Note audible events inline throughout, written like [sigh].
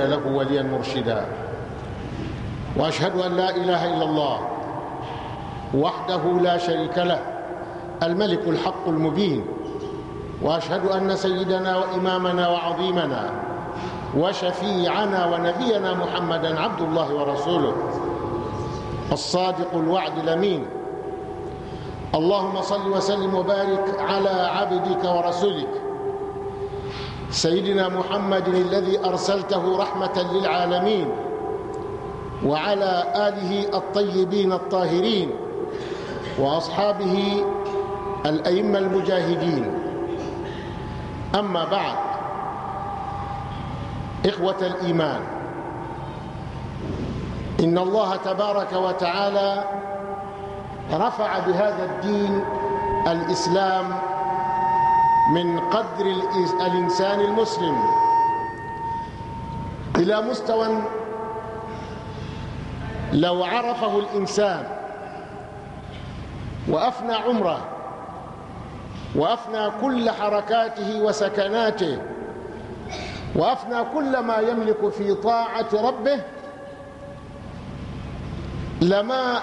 له وليا مرشدا واشهد ان لا اله الا الله وحده لا شريك له الملك الحق المبين واشهد ان سيدنا وامامنا وعظيمنا وشفيعنا ونبينا محمدا عبد الله ورسوله الصادق الوعد الامين اللهم صل وسلم وبارك على عبدك ورسولك سيدنا محمد الذي أرسلته رحمة للعالمين وعلى آله الطيبين الطاهرين وأصحابه الأئمة المجاهدين أما بعد إخوة الإيمان إن الله تبارك وتعالى رفع بهذا الدين الإسلام من قدر الإنسان المسلم إلى مستوى لو عرفه الإنسان وأفنى عمره وأفنى كل حركاته وسكناته وأفنى كل ما يملك في طاعة ربه لما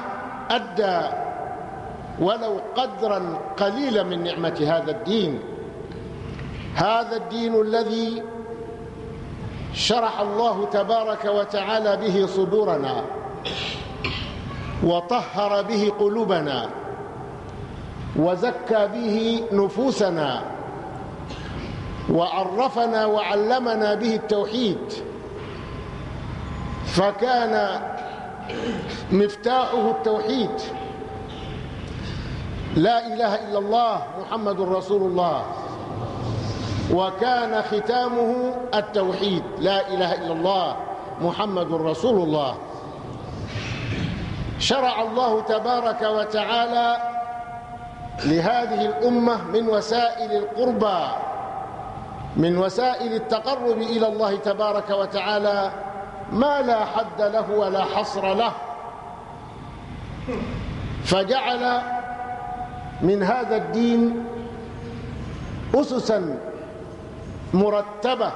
أدى ولو قدرا قليلا من نعمة هذا الدين هذا الدين الذي شرح الله تبارك وتعالى به صدورنا وطهر به قلوبنا وزكى به نفوسنا وعرفنا وعلمنا به التوحيد فكان مفتاحه التوحيد لا إله إلا الله محمد رسول الله وكان ختامه التوحيد لا إله إلا الله محمد رسول الله شرع الله تبارك وتعالى لهذه الأمة من وسائل القربى من وسائل التقرب إلى الله تبارك وتعالى ما لا حد له ولا حصر له فجعل من هذا الدين أسساً مرتبة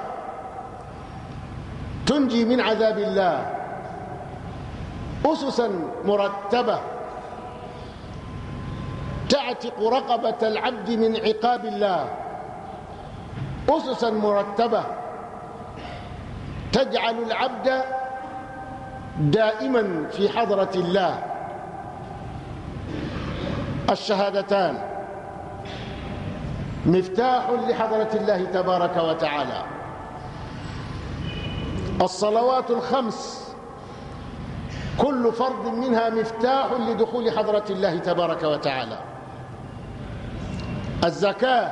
تنجي من عذاب الله أسسا مرتبة تعتق رقبة العبد من عقاب الله أسسا مرتبة تجعل العبد دائما في حضرة الله الشهادتان مفتاح لحضرة الله تبارك وتعالى الصلوات الخمس كل فرض منها مفتاح لدخول حضرة الله تبارك وتعالى الزكاة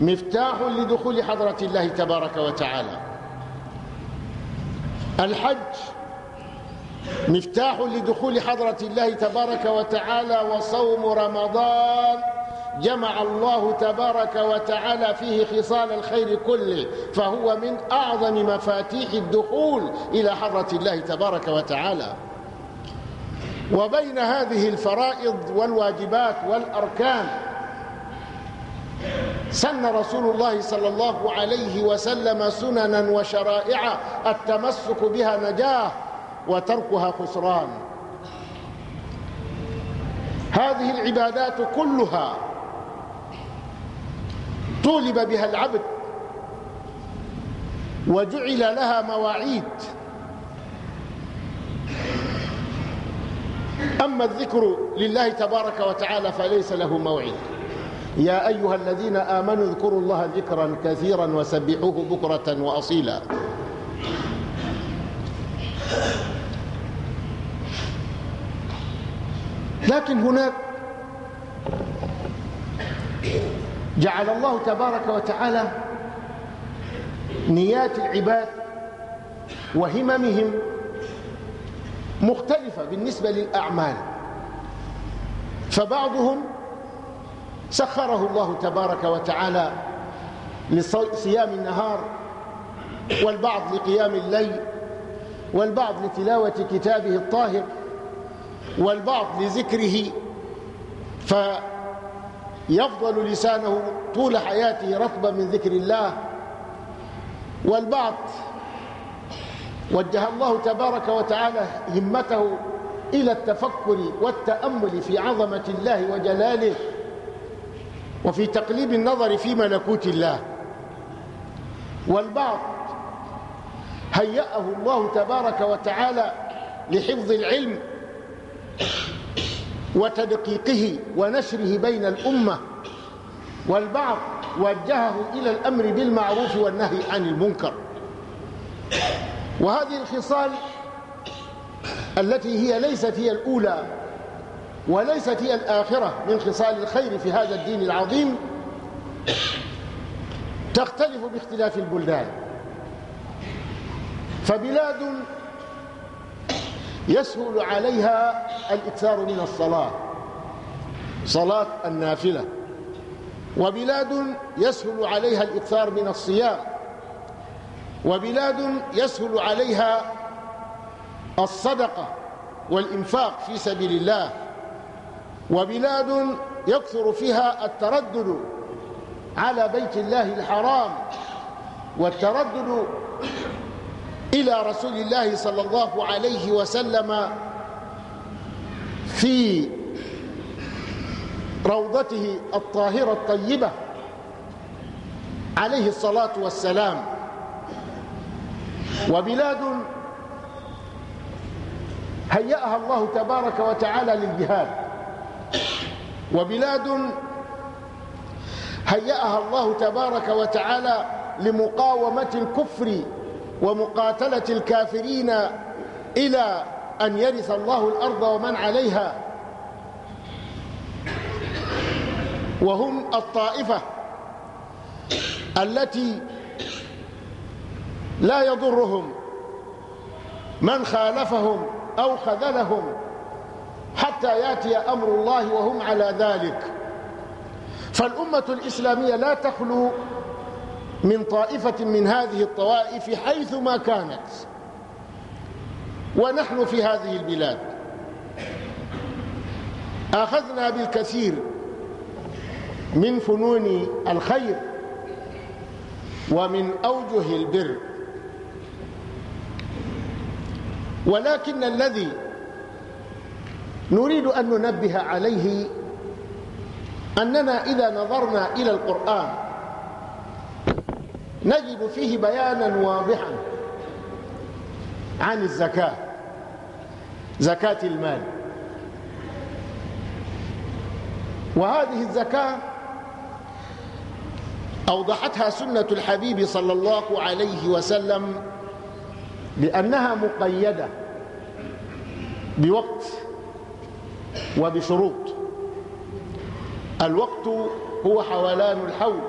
مفتاح لدخول حضرة الله تبارك وتعالى الحج مفتاح لدخول حضرة الله تبارك وتعالى وصوم رمضان جمع الله تبارك وتعالى فيه خصال الخير كله فهو من أعظم مفاتيح الدخول إلى حرة الله تبارك وتعالى وبين هذه الفرائض والواجبات والأركان سن رسول الله صلى الله عليه وسلم سننا وشرائع التمسك بها نجاه وتركها خسران هذه العبادات كلها طولب بها العبد وجعل لها مواعيد أما الذكر لله تبارك وتعالى فليس له موعد يا أيها الذين آمنوا اذكروا الله ذكرا كثيرا وسبحوه بكرة وأصيلا لكن هناك جعل الله تبارك وتعالى نيات العباد وهممهم مختلفة بالنسبة للأعمال فبعضهم سخره الله تبارك وتعالى لصيام النهار والبعض لقيام الليل والبعض لتلاوة كتابه الطاهر والبعض لذكره فالبعض يفضل لسانه طول حياته رطبا من ذكر الله والبعض وجه الله تبارك وتعالى همته إلى التفكر والتأمل في عظمة الله وجلاله وفي تقليب النظر في ملكوت الله والبعض هيأه الله تبارك وتعالى لحفظ العلم وتدقيقه ونشره بين الأمة والبعض وجهه إلى الأمر بالمعروف والنهي عن المنكر وهذه الخصال التي هي ليست هي الأولى وليست هي الآخرة من خصال الخير في هذا الدين العظيم تختلف باختلاف البلدان فبلاد يسهل عليها الإكثار من الصلاة صلاة النافلة وبلاد يسهل عليها الإكثار من الصيام وبلاد يسهل عليها الصدقة والإنفاق في سبيل الله وبلاد يكثر فيها التردد على بيت الله الحرام والتردد إلى رسول الله صلى الله عليه وسلم في روضته الطاهرة الطيبة عليه الصلاة والسلام وبلاد هيأها الله تبارك وتعالى للجهاد وبلاد هيأها الله تبارك وتعالى لمقاومة الكفر ومقاتلة الكافرين إلى أن يرث الله الأرض ومن عليها وهم الطائفة التي لا يضرهم من خالفهم أو خذلهم حتى ياتي أمر الله وهم على ذلك فالأمة الإسلامية لا تخلو من طائفة من هذه الطوائف حيثما كانت ونحن في هذه البلاد أخذنا بالكثير من فنون الخير ومن أوجه البر ولكن الذي نريد أن ننبه عليه أننا إذا نظرنا إلى القرآن نجد فيه بيانا واضحا عن الزكاة زكاة المال وهذه الزكاة أوضحتها سنة الحبيب صلى الله عليه وسلم لأنها مقيدة بوقت وبشروط الوقت هو حولان الحول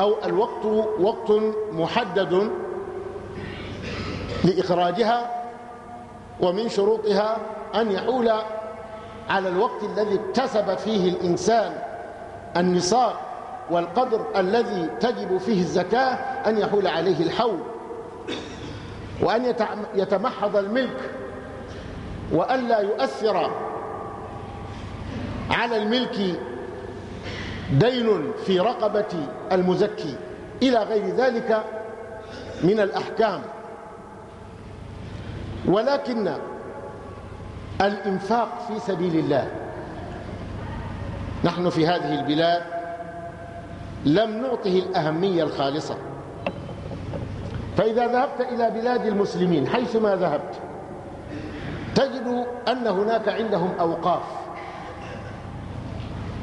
أو الوقت وقت محدد لإخراجها ومن شروطها أن يحول على الوقت الذي اكتسب فيه الإنسان النصاب والقدر الذي تجب فيه الزكاة أن يحول عليه الحول وأن يتمحض الملك وألا يؤثر على الملك دين في رقبة المزكي إلى غير ذلك من الأحكام ولكن الإنفاق في سبيل الله نحن في هذه البلاد لم نعطه الأهمية الخالصة فإذا ذهبت إلى بلاد المسلمين حيثما ذهبت تجد أن هناك عندهم أوقاف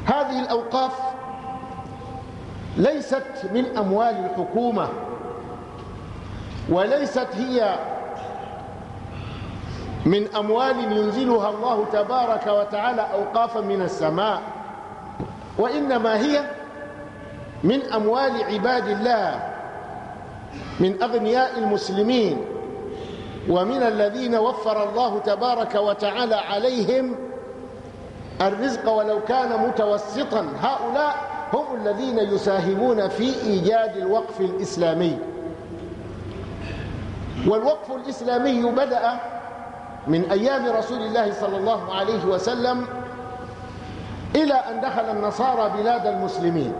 هذه الأوقاف ليست من أموال الحكومة وليست هي من أموال ينزلها الله تبارك وتعالى أوقافا من السماء وإنما هي من أموال عباد الله من أغنياء المسلمين ومن الذين وفر الله تبارك وتعالى عليهم الرزق ولو كان متوسطا هؤلاء هم الذين يساهمون في إيجاد الوقف الإسلامي والوقف الإسلامي بدأ من أيام رسول الله صلى الله عليه وسلم إلى أن دخل النصارى بلاد المسلمين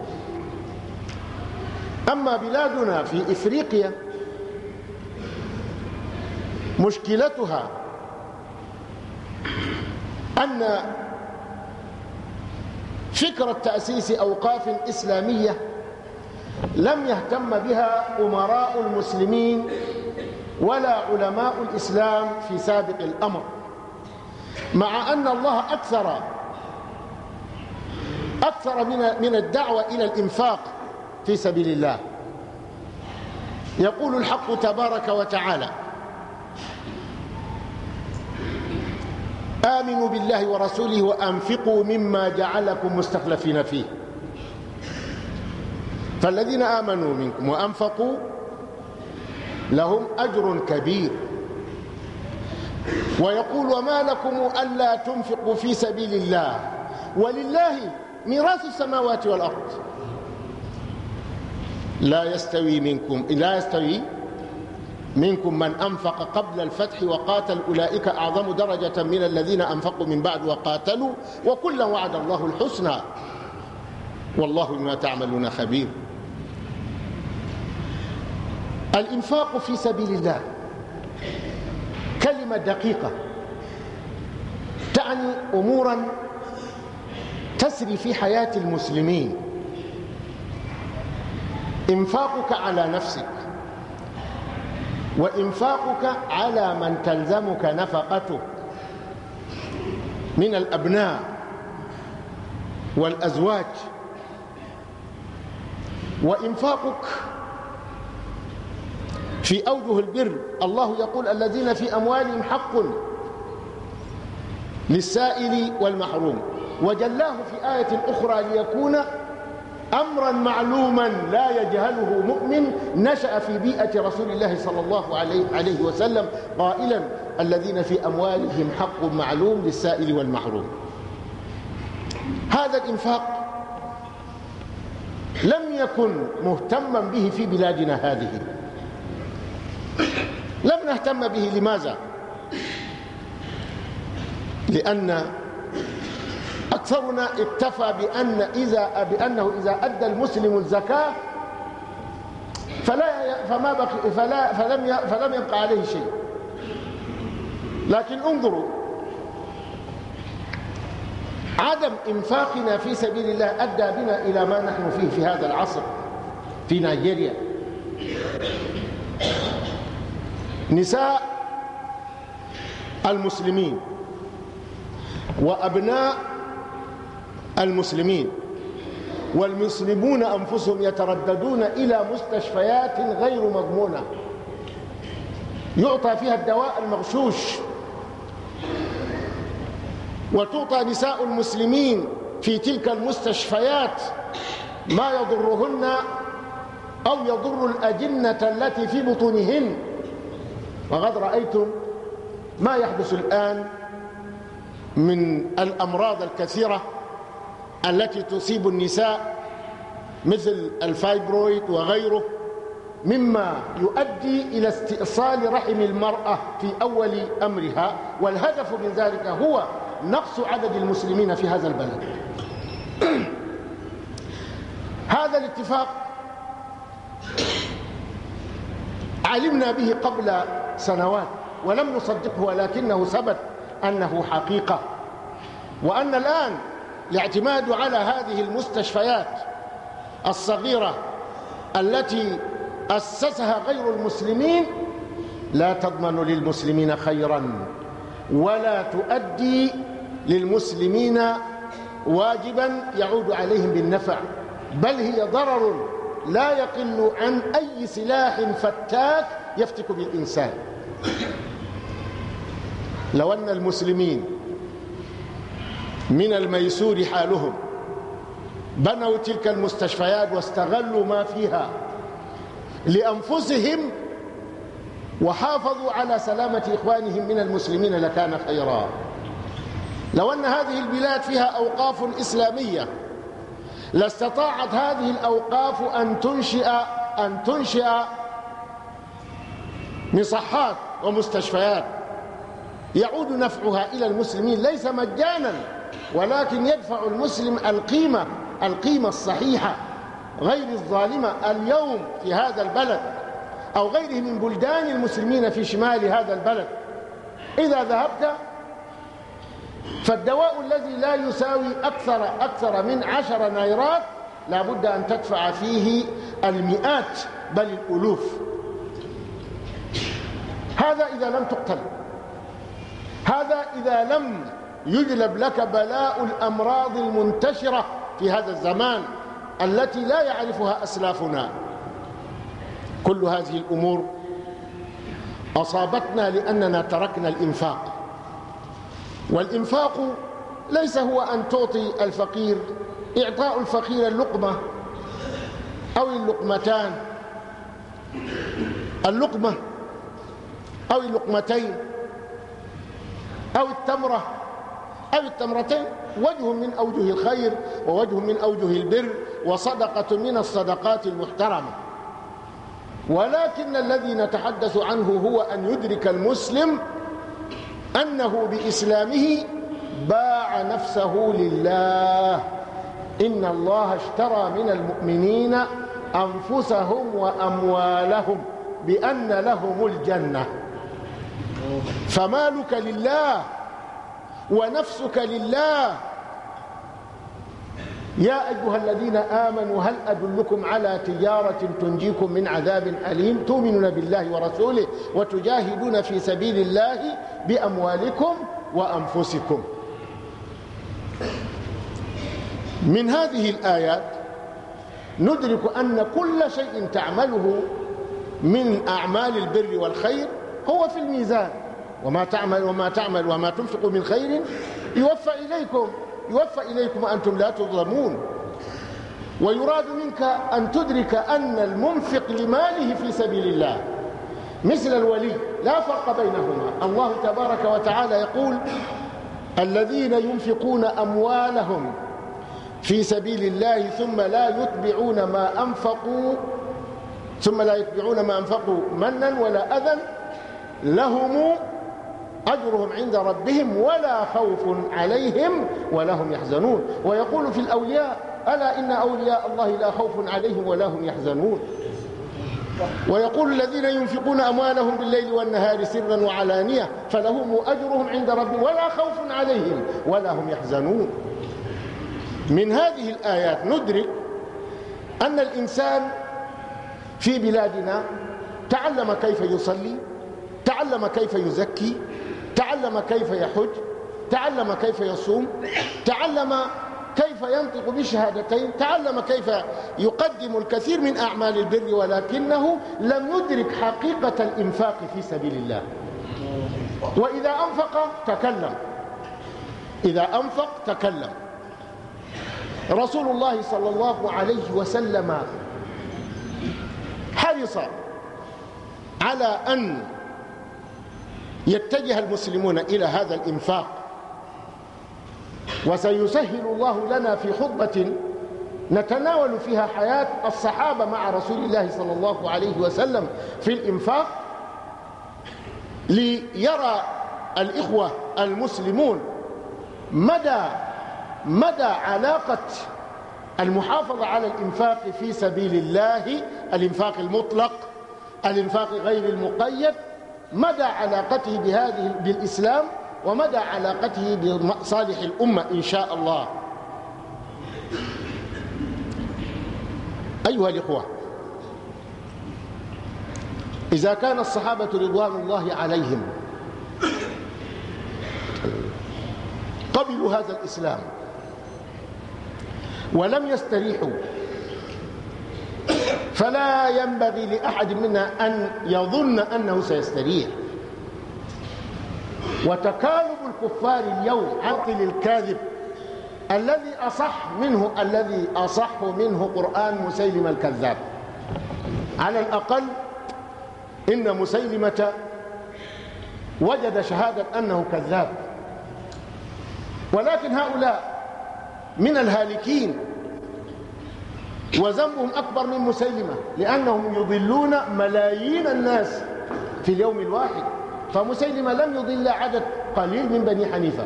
أما بلادنا في إفريقيا مشكلتها أن فكرة تأسيس أوقاف إسلامية لم يهتم بها أمراء المسلمين ولا علماء الإسلام في سابق الأمر مع أن الله أكثر أكثر من الدعوة إلى الإنفاق في سبيل الله يقول الحق تبارك وتعالى آمنوا بالله ورسوله وأنفقوا مما جعلكم مستخلفين فيه فالذين آمنوا منكم وأنفقوا لهم أجر كبير ويقول وما لكم ألا تنفقوا في سبيل الله ولله ميراث السماوات والأرض لا يستوي منكم لا يستوي منكم من أنفق قبل الفتح وقاتل أولئك أعظم درجة من الذين أنفقوا من بعد وقاتلوا وكلا وعد الله الحسنى والله بما تعملون خبير الإنفاق في سبيل الله كلمة دقيقة تعني أمورا تسري في حياة المسلمين انفاقك على نفسك وإنفاقك على من تلزمك نفقته من الأبناء والأزواج وإنفاقك في أوجه البر الله يقول الذين في أموالهم حق للسائل والمحروم وجلاه في آية أخرى ليكون أمرا معلوما لا يجهله مؤمن نشأ في بيئة رسول الله صلى الله عليه, عليه وسلم قائلا الذين في أموالهم حق معلوم للسائل والمحروم هذا الإنفاق لم يكن مهتما به في بلادنا هذه لم نهتم به لماذا؟ لأن أكثرنا اكتفى بأن إذا بأنه إذا أدى المسلم الزكاة فلا فما بقي فلا فلم فلم يبقى عليه شيء لكن انظروا عدم انفاقنا في سبيل الله ادى بنا الى ما نحن فيه في هذا العصر في نيجيريا نساء المسلمين وابناء المسلمين والمسلمون أنفسهم يترددون إلى مستشفيات غير مضمونة يعطى فيها الدواء المغشوش وتعطى نساء المسلمين في تلك المستشفيات ما يضرهن أو يضر الأجنة التي في بطونهن وقد رأيتم ما يحدث الآن من الأمراض الكثيرة التي تصيب النساء مثل الفايبرويد وغيره مما يؤدي إلى استئصال رحم المرأة في أول أمرها والهدف من ذلك هو نقص عدد المسلمين في هذا البلد [clears throat] هذا الاتفاق علمنا به قبل سنوات ولم نصدقه ولكنه ثبت أنه حقيقة وأن الآن الاعتماد على هذه المستشفيات الصغيرة التي أسسها غير المسلمين لا تضمن للمسلمين خيرا ولا تؤدي للمسلمين واجبا يعود عليهم بالنفع بل هي ضرر لا يقل عن أي سلاح فتاك يفتك بالإنسان لو أن المسلمين من الميسور حالهم بنوا تلك المستشفيات واستغلوا ما فيها لأنفسهم وحافظوا على سلامة إخوانهم من المسلمين لكان خيرا لو أن هذه البلاد فيها أوقاف إسلامية لاستطاعت هذه الأوقاف أن تنشئ أن تنشئ مصحات ومستشفيات يعود نفعها إلى المسلمين ليس مجانا ولكن يدفع المسلم القيمة القيمة الصحيحة غير الظالمة اليوم في هذا البلد أو غيره من بلدان المسلمين في شمال هذا البلد إذا ذهبت فالدواء الذي لا يساوي أكثر أكثر من عشر نيرات لابد أن تدفع فيه المئات بل الألوف هذا إذا لم تقتل هذا إذا لم يجلب لك بلاء الأمراض المنتشرة في هذا الزمان التي لا يعرفها أسلافنا كل هذه الأمور أصابتنا لأننا تركنا الإنفاق والإنفاق ليس هو أن تعطي الفقير إعطاء الفقير اللقمة أو اللقمتان اللقمة أو اللقمتين أو التمرة أو التمرتين وجه من أوجه الخير ووجه من أوجه البر وصدقة من الصدقات المحترمة ولكن الذي نتحدث عنه هو أن يدرك المسلم أنه بإسلامه باع نفسه لله إن الله اشترى من المؤمنين أنفسهم وأموالهم بأن لهم الجنة فمالك لله ونفسك لله يا أيها الذين آمنوا هل أدلكم على تجارة تنجيكم من عذاب أليم تؤمنون بالله ورسوله وتجاهدون في سبيل الله بأموالكم وأنفسكم من هذه الآيات ندرك أن كل شيء تعمله من أعمال البر والخير هو في الميزان وما تعمل وما تعمل وما تنفق من خير يوفى إليكم يوفى إليكم وأنتم لا تظلمون ويراد منك أن تدرك أن المنفق لماله في سبيل الله مثل الولي لا فرق بينهما الله تبارك وتعالى يقول الذين ينفقون أموالهم في سبيل الله ثم لا يتبعون ما أنفقوا ثم لا يتبعون ما أنفقوا منا ولا أذى لهم أجرهم عند ربهم ولا خوف عليهم ولا هم يحزنون ويقول في الأولياء ألا إن أولياء الله لا خوف عليهم ولا هم يحزنون ويقول الذين ينفقون أموالهم بالليل والنهار سرا وعلانية فلهم أجرهم عند ربهم ولا خوف عليهم ولا هم يحزنون من هذه الآيات ندرك أن الإنسان في بلادنا تعلم كيف يصلي تعلم كيف يزكي تعلم كيف يحج تعلم كيف يصوم تعلم كيف ينطق بشهادتين تعلم كيف يقدم الكثير من أعمال البر ولكنه لم يدرك حقيقة الإنفاق في سبيل الله وإذا أنفق تكلم إذا أنفق تكلم رسول الله صلى الله عليه وسلم حرص على أن يتجه المسلمون إلى هذا الإنفاق وسيسهل الله لنا في خطبة نتناول فيها حياة الصحابة مع رسول الله صلى الله عليه وسلم في الإنفاق ليرى الإخوة المسلمون مدى مدى علاقة المحافظة على الإنفاق في سبيل الله الإنفاق المطلق الإنفاق غير المقيد مدى علاقته بهذه بالإسلام ومدى علاقته بمصالح الأمة إن شاء الله أيها الإخوة إذا كان الصحابة رضوان الله عليهم قبلوا هذا الإسلام ولم يستريحوا فلا ينبغي لأحد منا أن يظن أنه سيستريح وتكالب الكفار اليوم عقل الكاذب الذي أصح منه الذي أصح منه قرآن مسيلم الكذاب على الأقل إن مسيلمة وجد شهادة أنه كذاب ولكن هؤلاء من الهالكين وذنبهم أكبر من مسيلمة لأنهم يضلون ملايين الناس في اليوم الواحد فمسيلمة لم يضل عدد قليل من بني حنيفة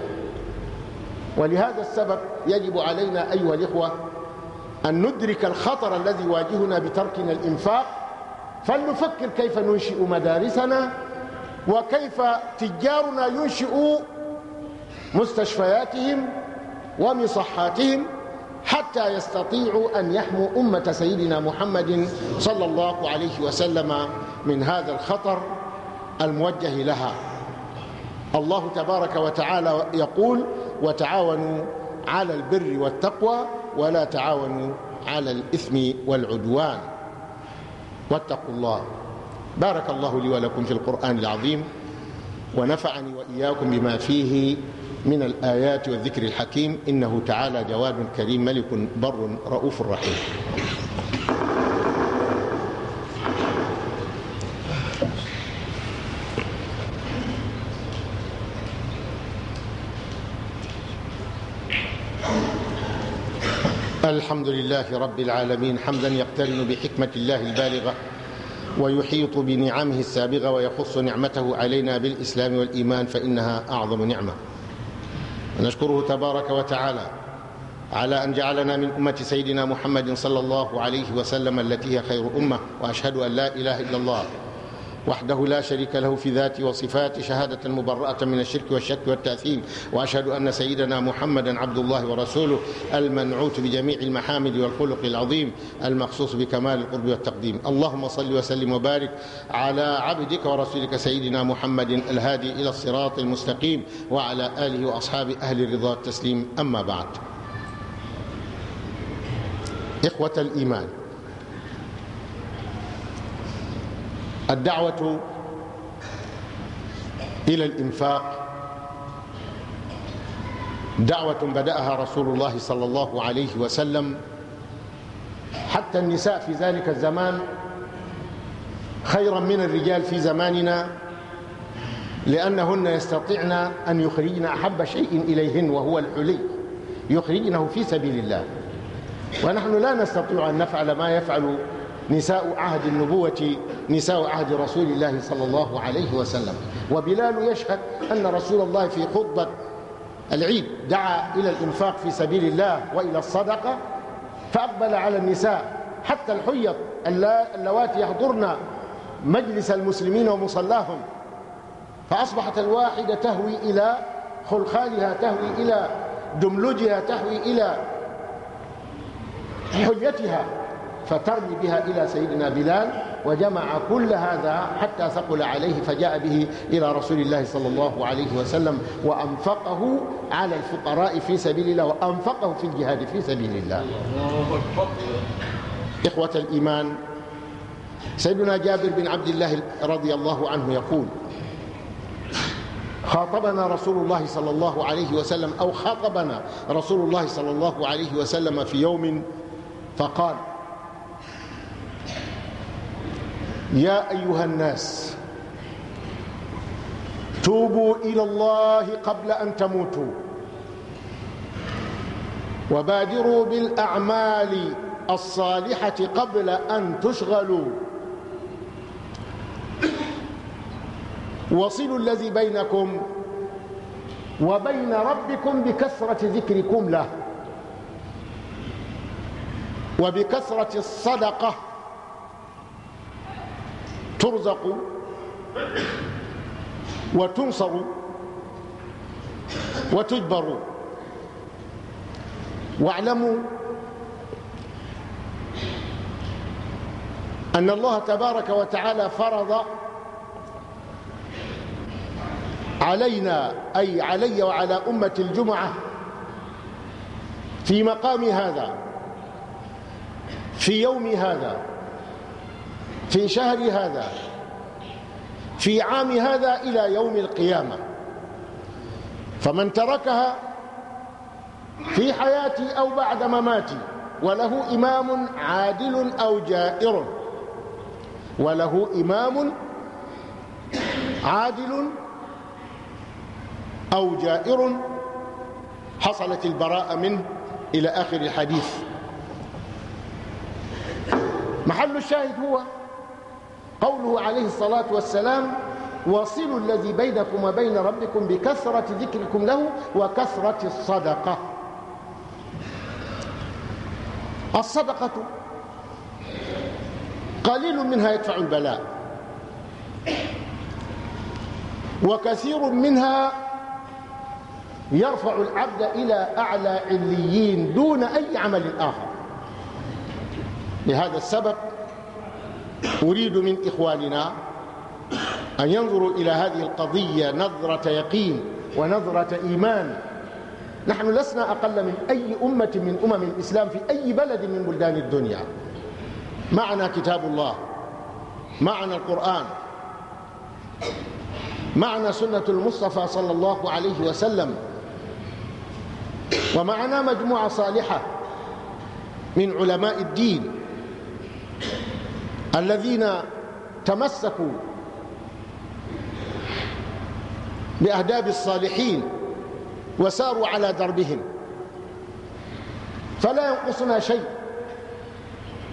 ولهذا السبب يجب علينا أيها الإخوة أن ندرك الخطر الذي يواجهنا بتركنا الإنفاق فلنفكر كيف ننشئ مدارسنا وكيف تجارنا ينشئ مستشفياتهم ومصحاتهم حتى يستطيعوا أن يحموا أمة سيدنا محمد صلى الله عليه وسلم من هذا الخطر الموجه لها الله تبارك وتعالى يقول وتعاونوا على البر والتقوى ولا تعاونوا على الإثم والعدوان واتقوا الله بارك الله لي ولكم في القرآن العظيم ونفعني وإياكم بما فيه من الآيات والذكر الحكيم إنه تعالى جواد كريم ملك بر رؤوف رحيم الحمد لله رب العالمين حمدا يقترن بحكمة الله البالغة ويحيط بنعمه السابغة ويخص نعمته علينا بالإسلام والإيمان فإنها أعظم نعمة ونشكره تبارك وتعالى على أن جعلنا من أمة سيدنا محمد صلى الله عليه وسلم التي هي خير أمة وأشهد أن لا إله إلا الله وحده لا شريك له في ذاته وصفاته شهادة مبرأة من الشرك والشك والتأثيم وأشهد أن سيدنا محمدا عبد الله ورسوله المنعوت بجميع المحامد والخلق العظيم المخصوص بكمال القرب والتقديم اللهم صل وسلم وبارك على عبدك ورسولك سيدنا محمد الهادي إلى الصراط المستقيم وعلى آله وأصحاب أهل الرضا والتسليم أما بعد إخوة الإيمان الدعوة إلى الإنفاق دعوة بدأها رسول الله صلى الله عليه وسلم حتى النساء في ذلك الزمان خيرا من الرجال في زماننا لأنهن يستطعن أن يخرجن أحب شيء إليهن وهو الحلي يخرجنه في سبيل الله ونحن لا نستطيع أن نفعل ما يفعل نساء عهد النبوة نساء عهد رسول الله صلى الله عليه وسلم وبلال يشهد أن رسول الله في خطبة العيد دعا إلى الإنفاق في سبيل الله وإلى الصدقة فأقبل على النساء حتى الحيط اللواتي يحضرن مجلس المسلمين ومصلاهم فأصبحت الواحدة تهوي إلى خلخالها تهوي إلى دملجها تهوي إلى حليتها فترمي بها إلى سيدنا بلال وجمع كل هذا حتى ثقل عليه فجاء به إلى رسول الله صلى الله عليه وسلم وأنفقه على الفقراء في سبيل الله وأنفقه في الجهاد في سبيل الله إخوة الإيمان سيدنا جابر بن عبد الله رضي الله عنه يقول خاطبنا رسول الله صلى الله عليه وسلم أو خاطبنا رسول الله صلى الله عليه وسلم في يوم فقال يا أيها الناس توبوا إلى الله قبل أن تموتوا وبادروا بالأعمال الصالحة قبل أن تشغلوا وصلوا الذي بينكم وبين ربكم بكثرة ذكركم له وبكثرة الصدقة ترزق وتنصر وتجبر واعلموا أن الله تبارك وتعالى فرض علينا أي علي وعلى أمة الجمعة في مقام هذا في يوم هذا في شهر هذا في عام هذا إلى يوم القيامة فمن تركها في حياتي أو بعد مماتي وله إمام عادل أو جائر وله إمام عادل أو جائر حصلت البراءة منه إلى آخر الحديث محل الشاهد هو قوله عليه الصلاة والسلام واصلوا الذي بينكم وبين ربكم بكثرة ذكركم له وكثرة الصدقة الصدقة قليل منها يدفع البلاء وكثير منها يرفع العبد إلى أعلى عليين دون أي عمل آخر لهذا السبب أريد من إخواننا أن ينظروا إلى هذه القضية نظرة يقين ونظرة إيمان نحن لسنا أقل من أي أمة من أمم الإسلام في أي بلد من بلدان الدنيا معنا كتاب الله معنا القرآن معنا سنة المصطفى صلى الله عليه وسلم ومعنا مجموعة صالحة من علماء الدين الذين تمسكوا بأهداب الصالحين وساروا على دربهم فلا ينقصنا شيء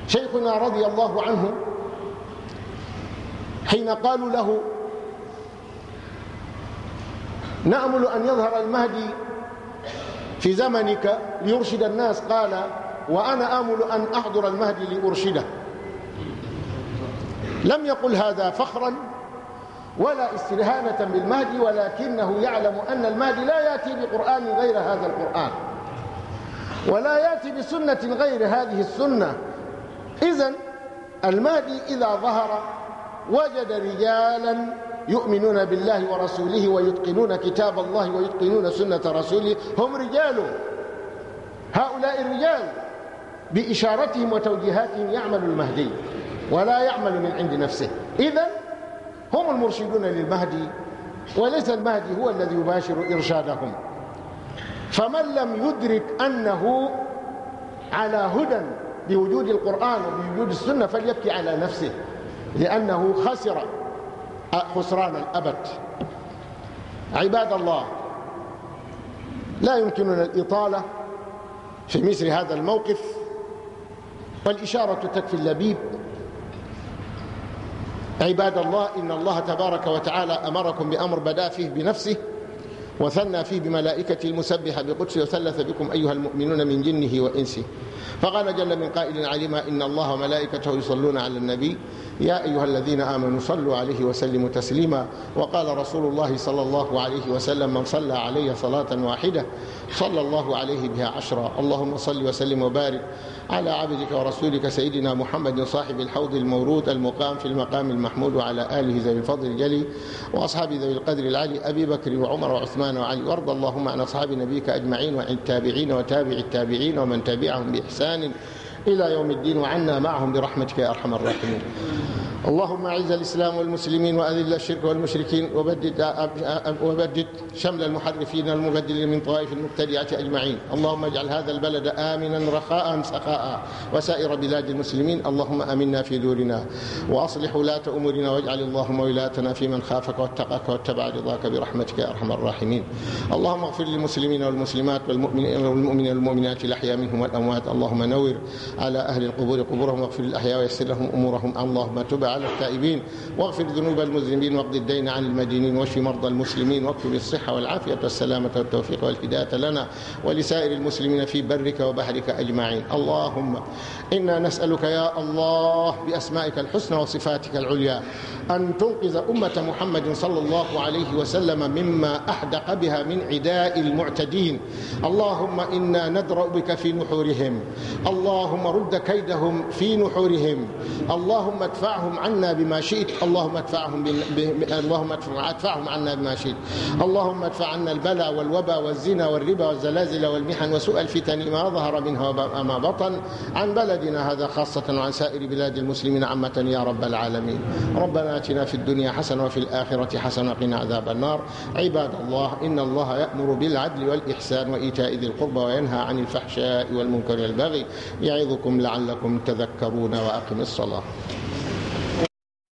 شيخنا رضي الله عنه حين قالوا له نأمل أن يظهر المهدي في زمنك ليرشد الناس قال وأنا آمل أن أحضر المهدي لأرشده لم يقل هذا فخرا ولا استهانة بالمهدي ولكنه يعلم أن المهدي لا يأتي بقرآن غير هذا القرآن ولا يأتي بسنة غير هذه السنة إذا المهدي إذا ظهر وجد رجالا يؤمنون بالله ورسوله ويتقنون كتاب الله ويتقنون سنة رسوله هم رجاله هؤلاء الرجال بإشارتهم وتوجيهاتهم يعمل المهدي ولا يعمل من عند نفسه إذا هم المرشدون للمهدي وليس المهدي هو الذي يباشر إرشادهم فمن لم يدرك أنه على هدى بوجود القرآن وبوجود السنة فليبكي على نفسه لأنه خسر خسران الأبد عباد الله لا يمكننا الإطالة في مثل هذا الموقف والإشارة تكفي اللبيب عباد الله إن الله تبارك وتعالى أمركم بأمر بدا فيه بنفسه وثنى فيه بملائكته المسبحة بقدسه وثلث بكم أيها المؤمنون من جنه وإنسه فقال جل من قائل عليم إن الله وملائكته يصلون على النبي يا أيها الذين آمنوا صلوا عليه وسلموا تسليما وقال رسول الله صلى الله عليه وسلم من صلى علي صلاة واحدة صلى الله عليه بها عشرا اللهم صل وسلم وبارك على عبدك ورسولك سيدنا محمد صاحب الحوض المورود المقام في المقام المحمود وعلى آله ذوي الفضل الجلي وأصحاب ذوي القدر العلي أبي بكر وعمر وعثمان وعلي وارض اللهم عن أصحاب نبيك أجمعين وعن التابعين وتابع التابعين ومن تبعهم بإحسان إلى يوم الدين وعنا معهم برحمتك يا أرحم الراحمين اللهم اعز الاسلام والمسلمين واذل الشرك والمشركين وبدد وبدد شمل المحرفين المبدلين من طوائف المبتدعه اجمعين، اللهم اجعل هذا البلد امنا رخاء سخاء وسائر بلاد المسلمين، اللهم امنا في دورنا واصلح ولاة امورنا واجعل اللهم ولاتنا في من خافك واتقاك واتبع رضاك برحمتك يا ارحم الراحمين. اللهم اغفر للمسلمين والمسلمات والمؤمنين والمؤمنين والمؤمنات الاحياء منهم والاموات، اللهم نور على اهل القبور قبورهم واغفر للاحياء ويسر لهم امورهم، اللهم تب على التائبين واغفر ذنوب المذنبين واقض الدين عن المدينين واشف مرضى المسلمين واكتب الصحة والعافية والسلامة والتوفيق والهداية لنا ولسائر المسلمين في برك وبحرك أجمعين اللهم إنا نسألك يا الله بأسمائك الحسنى وصفاتك العليا أن تنقذ أمة محمد صلى الله عليه وسلم مما أحدق بها من عداء المعتدين اللهم إنا ندرأ بك في نحورهم اللهم رد كيدهم في نحورهم اللهم ادفعهم عنا بما شئت اللهم ادفعهم اللهم ادفعهم عنا بما شئت اللهم ادفع عنا البلاء والوباء والزنا والربا والزلازل والمحن وسوء الفتن ما ظهر منها وما بطن عن بلدنا هذا خاصة وعن سائر بلاد المسلمين عامة يا رب العالمين ربنا اتنا في الدنيا حسنة وفي الآخرة حسنة قنا عذاب النار عباد الله إن الله يأمر بالعدل والإحسان وإيتاء ذي القربى وينهى عن الفحشاء والمنكر والبغي يعظكم لعلكم تذكرون وأقم الصلاة